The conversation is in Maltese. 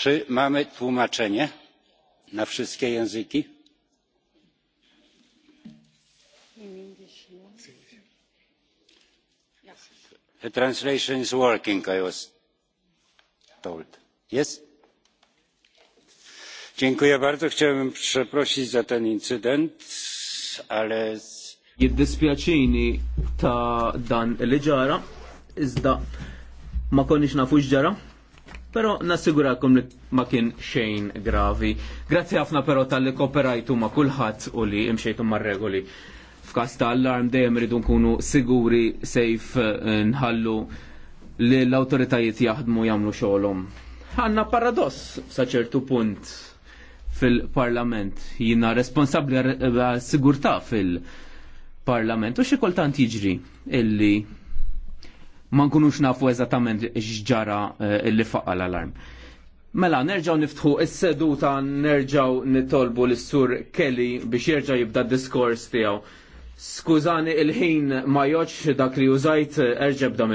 czy mamy tłumaczenie na wszystkie języki? The translation is working, I was told. Yes? Dziękuję bardzo. Chciałbym przeprosić za ten incydent, ale... Jiddispjaċini ta' dan l ġara, iżda ma konniex nafu ġara pero nassigurakom li ma kien xejn gravi. Grazzi ħafna però tal-li kooperajtu ma kulħadd u li imxejtu ma regoli. F'kas ta' Alarm dejjem rridu nkunu siguri sejf eh, nħallu li l-autoritajiet jaħdmu jagħmlu xogħolhom. Għanna paradoss sa ċertu punt fil-parlament. Jina responsabbli għal sigurtà fil-parlament. U xi kultant jiġri illi ma nkunux nafu eżattament x'ġara eh, li faqqa l-alarm. Mela, nerġaw niftħu is-seduta nerġaw nitolbu l-sur Kelly biex jerġa' jibda diskors tiegħu. Skużani il-ħin ma joċ dak li użajt eh, erġeb dam